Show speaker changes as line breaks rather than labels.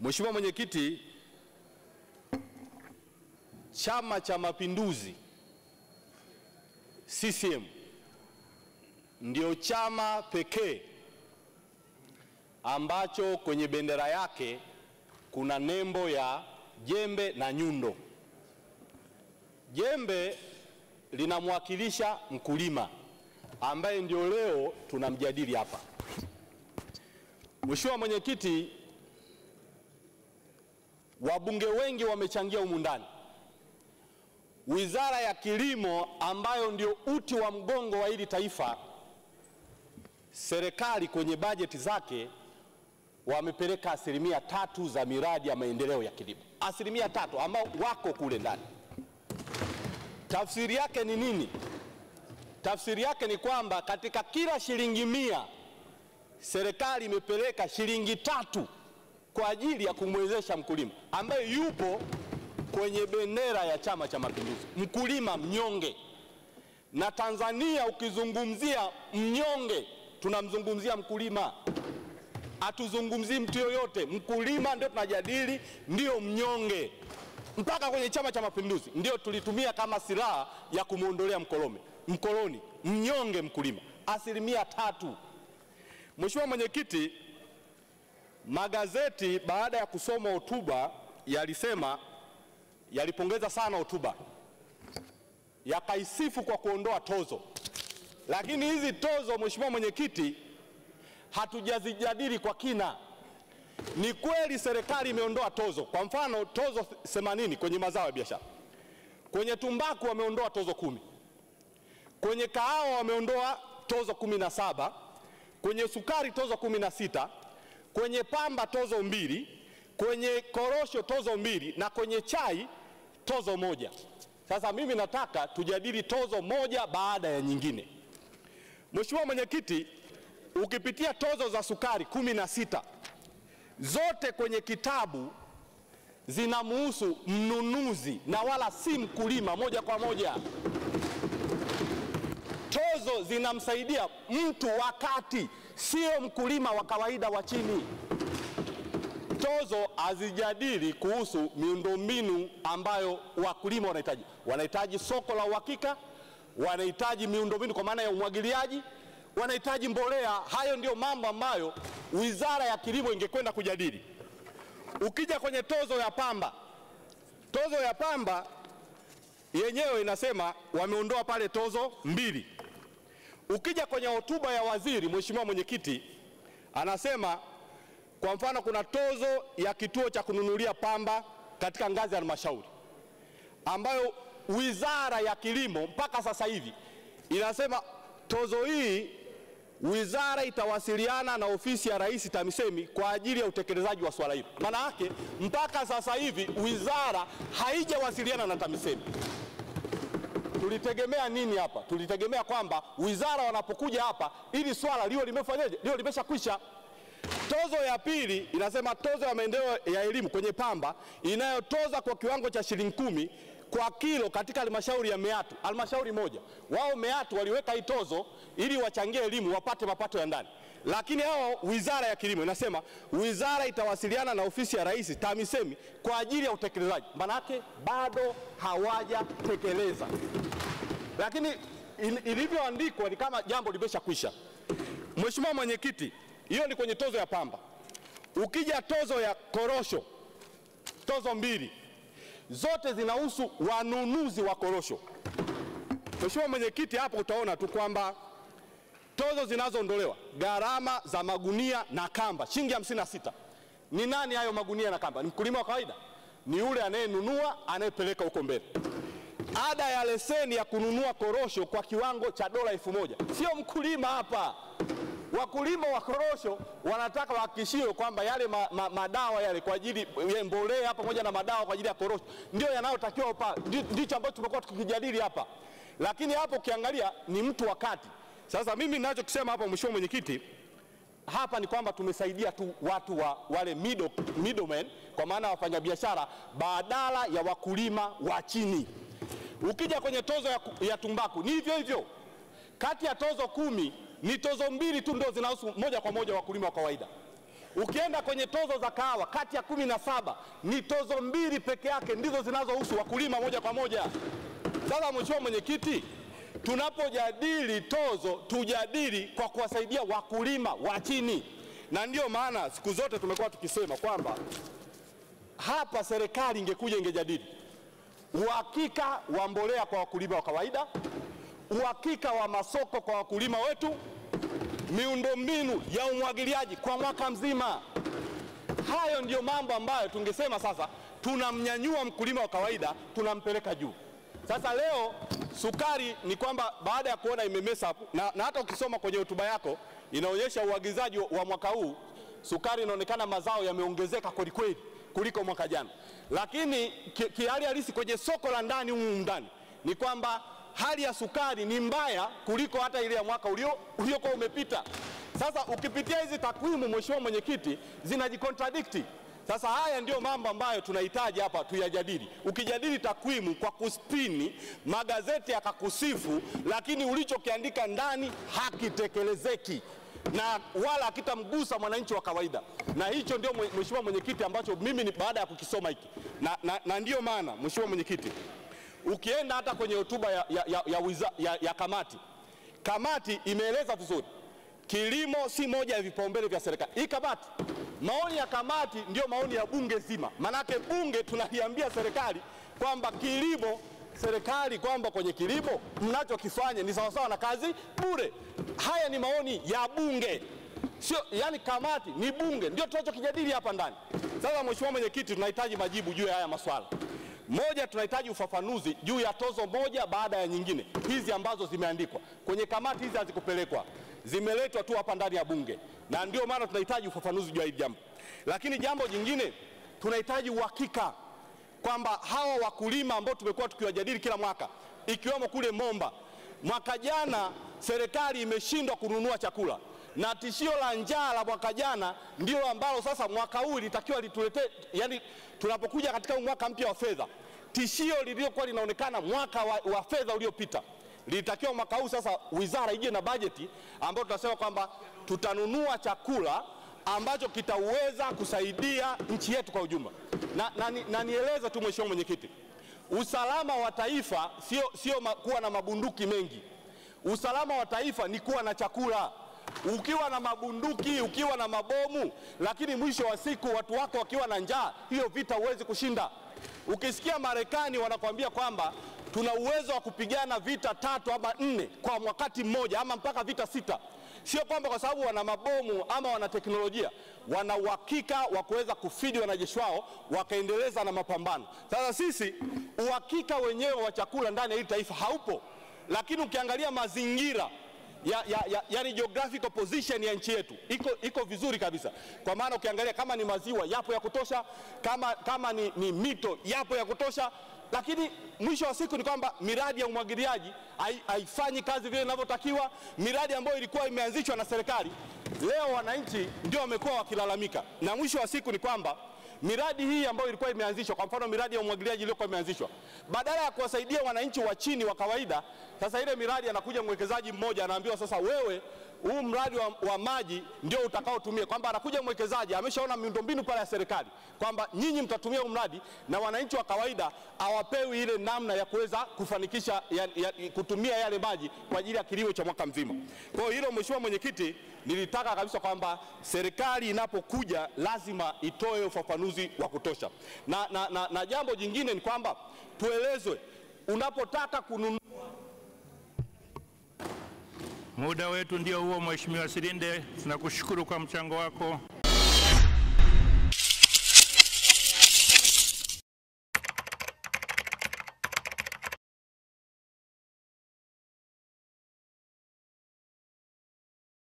Mheshimiwa Mwenyekiti, Chama cha Mapinduzi CCM ndio chama pekee ambacho kwenye bendera yake kuna nembo ya jembe na nyundo. Jembe linamwakilisha mkulima ambaye ndio leo tunamjadili hapa. Mheshimiwa Mwenyekiti, wabunge wengi wamechangia humu ndani. Wizara ya Kilimo ambayo ndio uti wa mgongo wa hili taifa, serikali kwenye bajeti zake wamepeleka asilimia tatu za miradi ya maendeleo ya kilimo, asilimia tatu ambao wako kule ndani. Tafsiri yake ni nini? Tafsiri yake ni kwamba katika kila shilingi mia serikali imepeleka shilingi tatu kwa ajili ya kumwezesha mkulima ambaye yupo kwenye bendera ya Chama cha Mapinduzi, mkulima mnyonge. Na Tanzania ukizungumzia mnyonge, tunamzungumzia mkulima, hatuzungumzii mtu yoyote. Mkulima ndio tunajadili, ndio mnyonge mpaka kwenye Chama cha Mapinduzi ndio tulitumia kama silaha ya kumwondolea mkolome mkoloni mnyonge mkulima asilimia tatu. Mheshimiwa Mwenyekiti, Magazeti baada ya kusoma hotuba yalisema, yalipongeza sana hotuba, yakaisifu kwa kuondoa tozo. Lakini hizi tozo, mheshimiwa mwenyekiti, hatujazijadili kwa kina. Ni kweli serikali imeondoa tozo, kwa mfano tozo 80 kwenye mazao ya biashara, kwenye tumbaku wameondoa tozo kumi, kwenye kahawa wameondoa tozo kumi na saba, kwenye sukari tozo kumi na sita kwenye pamba tozo mbili, kwenye korosho tozo mbili na kwenye chai tozo moja. Sasa mimi nataka tujadili tozo moja baada ya nyingine. Mheshimiwa Mwenyekiti, ukipitia tozo za sukari kumi na sita zote kwenye kitabu zinamuhusu mnunuzi na wala si mkulima moja kwa moja. Tozo zinamsaidia mtu wakati sio mkulima wa kawaida wa chini. Tozo hazijadili kuhusu miundombinu ambayo wakulima wanahitaji. Wanahitaji soko la uhakika, wanahitaji miundombinu kwa maana ya umwagiliaji, wanahitaji mbolea. Hayo ndiyo mambo ambayo wizara ya kilimo ingekwenda kujadili. Ukija kwenye tozo ya pamba, tozo ya pamba yenyewe inasema wameondoa pale tozo mbili Ukija kwenye hotuba ya waziri, mheshimiwa mwenyekiti anasema kwa mfano, kuna tozo ya kituo cha kununulia pamba katika ngazi ya halmashauri ambayo wizara ya kilimo mpaka sasa hivi inasema tozo hii wizara itawasiliana na ofisi ya Rais TAMISEMI kwa ajili ya utekelezaji wa swala hilo. Maana yake mpaka sasa hivi wizara haijawasiliana na TAMISEMI tulitegemea nini hapa? Tulitegemea kwamba wizara wanapokuja hapa, ili swala lio limefanyaje, lio limeshakwisha. Tozo ya pili inasema tozo ya maendeleo ya elimu kwenye pamba inayotoza kwa kiwango cha shilingi kumi kwa kilo katika halmashauri ya Meatu, halmashauri moja. Wao Meatu waliweka hii tozo ili wachangie elimu, wapate mapato ya ndani. Lakini hao wizara ya kilimo inasema wizara itawasiliana na ofisi ya rais TAMISEMI kwa ajili ya utekelezaji, manake bado hawajatekeleza. Lakini ilivyoandikwa ni kama jambo limeshakwisha. Mheshimiwa Mwenyekiti, hiyo ni kwenye tozo ya pamba. Ukija tozo ya korosho, tozo mbili zote zinahusu wanunuzi wa korosho. Mheshimiwa Mwenyekiti, hapo utaona tu kwamba Tozo zinazoondolewa gharama za magunia na kamba shilingi hamsini na sita. Ni nani hayo magunia na kamba? Ni mkulima wa kawaida, ni yule anayenunua anayepeleka huko mbele. Ada ya leseni ya kununua korosho kwa kiwango cha dola elfu moja. Sio mkulima hapa. Wakulima wa korosho wanataka wahakikishiwe kwamba yale ma, ma, madawa yale kwa ajili ya mbolea pamoja na madawa kwa ajili ya korosho ndio yanayotakiwa, ndicho ambacho tumekuwa tukijadili hapa, lakini hapo ukiangalia ni mtu wakati sasa mimi ninachokisema hapa, mheshimiwa mwenyekiti, hapa ni kwamba tumesaidia tu watu wa wale middle, middlemen kwa maana wafanyabiashara badala ya wakulima wa chini. Ukija kwenye tozo ya, ya tumbaku ni hivyo hivyo, kati ya tozo kumi ni tozo mbili tu ndio zinahusu moja kwa moja wakulima wa kawaida. Ukienda kwenye tozo za kahawa kati ya kumi na saba ni tozo mbili peke yake ndizo zinazohusu wakulima moja kwa moja. Sasa mheshimiwa mwenyekiti, tunapojadili tozo tujadili kwa kuwasaidia wakulima wa chini, na ndiyo maana siku zote tumekuwa tukisema kwamba hapa serikali ingekuja ingejadili uhakika wa mbolea kwa wakulima wa kawaida, uhakika wa masoko kwa wakulima wetu, miundombinu ya umwagiliaji kwa mwaka mzima. Hayo ndiyo mambo ambayo tungesema sasa tunamnyanyua mkulima wa kawaida, tunampeleka juu. Sasa leo sukari ni kwamba baada ya kuona imemesa na, na hata ukisoma kwenye hotuba yako inaonyesha uagizaji wa mwaka huu sukari inaonekana mazao yameongezeka kwelikweli kuliko mwaka jana, lakini kihali ki halisi kwenye soko la ndani humu ndani ni kwamba hali ya sukari ni mbaya kuliko hata ile ya mwaka uliokuwa umepita. Sasa ukipitia hizi takwimu, mheshimiwa mwenyekiti, zinajikontradikti sasa haya ndiyo mambo ambayo tunahitaji hapa tuyajadili. Ukijadili takwimu kwa kuspini magazeti yakakusifu, lakini ulichokiandika ndani hakitekelezeki na wala akitamgusa mwananchi wa kawaida, na hicho ndio mheshimiwa mwenyekiti, ambacho mimi ni baada ya kukisoma hiki na, na, na ndiyo maana mheshimiwa mwenyekiti, ukienda hata kwenye hotuba ya, ya, ya, ya, ya, ya kamati, kamati imeeleza vizuri Kilimo si moja ya vipaumbele vya serikali. Hii kamati, maoni ya kamati ndio maoni ya bunge zima, manake bunge tunaiambia serikali kwamba kilimo, serikali kwamba kwenye kilimo mnachokifanya ni sawasawa na kazi bure. Haya ni maoni ya bunge, sio yani kamati, ni bunge ndio tunachokijadili hapa ndani. Sasa Mheshimiwa Mwenyekiti, tunahitaji majibu juu ya haya maswala. Moja, tunahitaji ufafanuzi juu ya tozo moja baada ya nyingine hizi ambazo zimeandikwa kwenye kamati. Hizi hazikupelekwa zimeletwa tu hapa ndani ya Bunge, na ndio maana tunahitaji ufafanuzi juu ya hili jambo. Lakini jambo jingine tunahitaji uhakika kwamba hawa wakulima ambao tumekuwa tukiwajadili kila mwaka, ikiwemo kule Momba, mwaka jana serikali imeshindwa kununua chakula na tishio la njaa la mwaka jana ndio ambalo sasa mwaka huu litakiwa lituletee, yani tunapokuja katika mwaka mpya wa fedha, tishio lililokuwa linaonekana mwaka wa, wa fedha uliopita lilitakiwa mwaka huu sasa wizara ije na bajeti ambayo tutasema kwamba tutanunua chakula ambacho kitaweza kusaidia nchi yetu kwa ujumla. Na, na, na nieleze tu mheshimiwa mwenyekiti, usalama wa taifa sio, sio kuwa na mabunduki mengi. Usalama wa taifa ni kuwa na chakula ukiwa na mabunduki, ukiwa na mabomu, lakini mwisho wa siku watu wako wakiwa na njaa, hiyo vita huwezi kushinda. Ukisikia Marekani wanakuambia kwamba tuna uwezo wa kupigana vita tatu ama nne kwa wakati mmoja ama mpaka vita sita. Sio kwamba kwa sababu wana mabomu ama wana teknolojia, wana uhakika wa kuweza kufidi wanajeshi wao wakaendeleza na mapambano. Sasa sisi uhakika wenyewe wa chakula ndani ya hili taifa haupo, lakini ukiangalia mazingira ya, ya, ya, yani geographical position ya nchi yetu iko, iko vizuri kabisa, kwa maana ukiangalia kama ni maziwa yapo ya kutosha, kama, kama ni, ni mito yapo ya kutosha lakini mwisho wa siku ni kwamba miradi ya umwagiliaji haifanyi kazi vile inavyotakiwa. Miradi ambayo ilikuwa imeanzishwa na serikali, leo wananchi ndio wamekuwa wakilalamika, na mwisho wa siku ni kwamba miradi hii ambayo ilikuwa imeanzishwa, kwa mfano miradi ya umwagiliaji iliyokuwa imeanzishwa, badala ya kuwasaidia wananchi wa chini wa kawaida, sasa ile miradi anakuja mwekezaji mmoja anaambiwa, sasa wewe huu mradi wa, wa maji ndio utakaotumia, kwamba anakuja mwekezaji ameshaona miundombinu pale ya serikali kwamba nyinyi mtatumia huu mradi, na wananchi wa kawaida hawapewi ile namna ya kuweza kufanikisha ya, ya, kutumia yale maji kwa ajili ya kilimo cha mwaka mzima. Kwa hiyo hilo, Mheshimiwa Mwenyekiti, nilitaka kabisa kwamba serikali inapokuja lazima itoe ufafanuzi wa kutosha, na, na, na, na jambo jingine ni kwamba tuelezwe unapotaka kununua
Muda wetu ndio huo, Mheshimiwa Silinde, tunakushukuru kwa mchango wako.